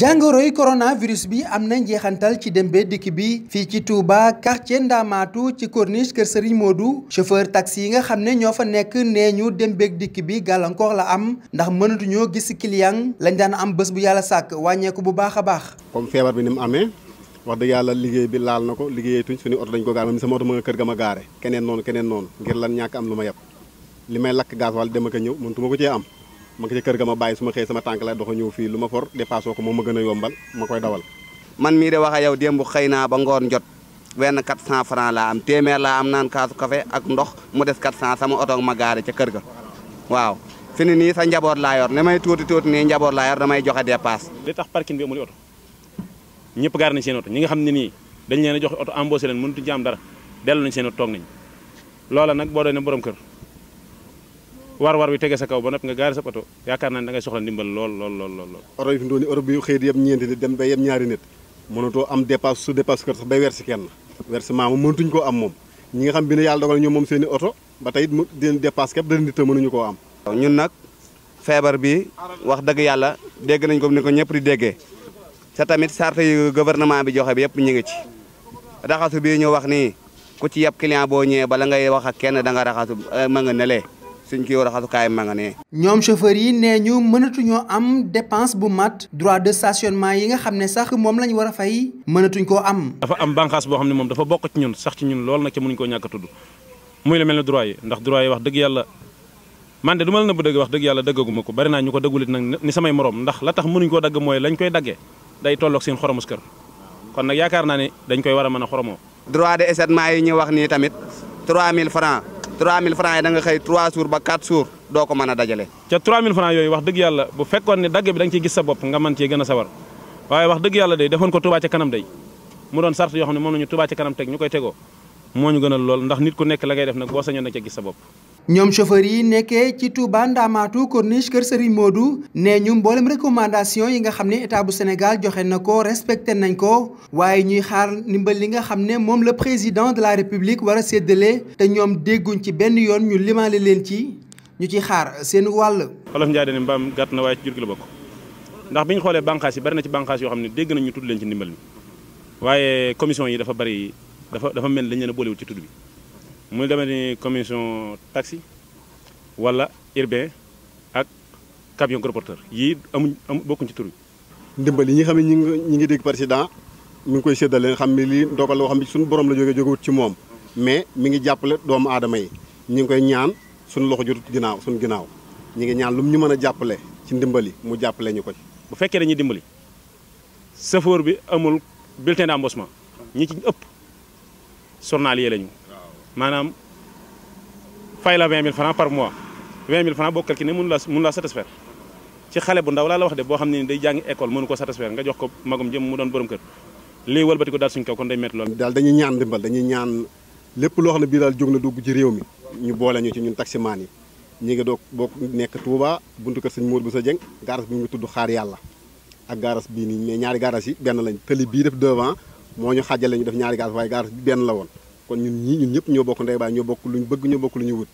jàngoro jàngoroy coronavirus bi am na njeexantal ci dem dikk bi fii ci Touba quartier Ndamaatu ci corniche kër Serigne Modou chauffeur taxi yi nga xam ne ñoo fa nekk nee ñu dem beeg dikk bi gàllankoor la am ndax mënatuñoo gis client lañ daan am bés bu yàlla sàkk wàññeeku bu baax a baax. comme feebar bi ni mu amee wax dëgg yàlla liggéey bi laal na ko liggéeyatuñ suñu oto dañ ko gaar man sama oto ma nga kër ga ma gaare keneen noonu keneen noonu ngir lan ñàkk am lu ma yab li may lakk gaas wàll ñëw mëntu ma ko cee am. ma ko ci kër ga ma bàyyi suma ma xëyee sama tànk la doxa ñëw fii lu ma for dépassé ko moom ma gën a yombal ma koy dawal man mii de wax ak yow démb xëy naa ba ngoon jot wenn 400 francs laa am téeméer laa am naan ak ndox mu des 400 sama oto ma gaare ca kër ga waaw fi ni nii sa njaboot laa yor li may tuuti tuuti nii njaboot laa yor damay joxe dépasse li tax parking bi amul oto ñëpp gaar nañ seen ñi nga xam ne nii dañ leen a jox oto embauché leen mënutu jaam dara dellu nañ seen oto toog nañ loola nag boo doon ne borom kër war-war bi tege sa kaw ba nopp nga gaari sa oto yaakaar naa ne da ngay soxla ndimbal lool lool lool lool. oto yi fi doon oto bi xëy di yem ñeenti nit dem ba yem ñaari nit mënatoo koo am moom xam bi ne yàlla dogal ñoom moom oto ba tey it mu koo am. ñun nag feebar bi wax dëgg yàlla dégg nañ ko ni ko ñëpp di déggee te tamit charte yu gouvernement bi joxe bi yëpp ñu ngi ci raxasu bi ñu wax nii ku ci yab client boo ñëwee bala ngay wax ak kenn da nga raxasu eh, ma nga nelee suñ kii war a xasukaay ma ñoom chauffeur yi nee ñu mënatuñoo am dépense bu mat droit de stationnement yi nga xam ne sax moom la war a fay mënatuñ koo am dafa am bànqaas boo xam ne moom dafa bokk ci ñun sax ci ñun loolu nag ca mënuñ koo ñàkk a tudd muy la mel ne droit yi ndax droit yi wax dëgg yàlla man de du la nëbb dëgg wax dëgg yàlla dëggaguma ko bari naa ñu ko dëggulit nag ni samay morom ndax la tax mënuñ koo dagg mooy lañ koy daggee day tolloog seen xoromus kër kon nag naa ne dañ koy war a mën a xoromoo droit de stationnement yi ñu 3000 francs yi da nga xëy 3 jours ba 4 jours doo ko mën a dajale. ca 3000 francs yooyu wax dëgg yàlla bu fekkoon ne dagg bi da nga ciy gis sa bopp nga mën cee gën a sawar waaye wax dëgg yàlla day defoon ko Touba ca kanam day mu doon sart yoo xam ne moom la kanam teg ñu koy tegoo moo ñu gënal lool ndax nit ku nekk la ngay def nag boo sañoon na ca gis sa bopp. ñoom chauffeur yi nekkee ci Touba Ndamaatu corniche kër Serigne Modou nee ñu mboolem recommandation yi nga xam ne état bu Sénégal joxe na ko respecté nañ ko waaye ñuy xaar ndimbal li nga xam ne moom la président de la république wara séddale te ñoom dégguñ ci benn yoon ñu limaale leen ci ñu ci xaar seen wàll. Olof Ndiaye ne mbaam gàtt na waaye ci jur gi la bokk ndax bi ñu xoolee bànqaas yi bari na ci bànqaas yoo xam ne dégg nañu ñu tudd leen ci ndimbal mi waaye yi dafa bari dafa dafa mel dañ leen a ci tudd mu demee ni commission taxi wala urbain ak camion gros yii amuñ am bokkuñ ci tur ndimbal yi ñi xam ne ñi ngi ñi ngi dégg président mi ngi koy séddale xam ne lii ndogal loo xam ne suñu borom la jógee jógewut ci moom mais mi ngi jàppale doomu aadama yi ñu ngi koy ñaan suñu loxo jotut ginnaaw suñu ginnaaw ñu ngi ñaan lu ñu mën a jàppale ci ndimbali mu jàppale ñu ko bu fekkee dañuy dimbali safoor bi amul bulletin d'embauchement ñi ci ëpp journalier lañu maanaam fay la vingt mille francs par mois vingt mille francs boo calculé mënu la mënu la satisfaire ci xale bu ndaw laa la wax de boo xam ne ni day jàngi école mënu ko satisfaire nga jox ko magum jëm mu doon borom kër lii wëlbati ko daal suñ kaw kon day métti lool daal dañuy ñaan dimbal dañuy ñaan lépp loo xam ne bii daal jóg na dugg ci réew mi ñu boole ñu ci ñun taximaan yi ñi ngi boo bokk nekk Touba buntu kër sëñ Móor bu sa jëng garas bi ñu tudd xaar yàlla ak garas bii nii mais ñaari garas yi benn lañ tëli moo ñu xàjjale ñu def ñaari garas waaye garas bi benn la woon kon ñun ñii ñun ñëpp ñoo bokk ndey baay ñu bokk luñ bëgg ñu bokk lu ñu wut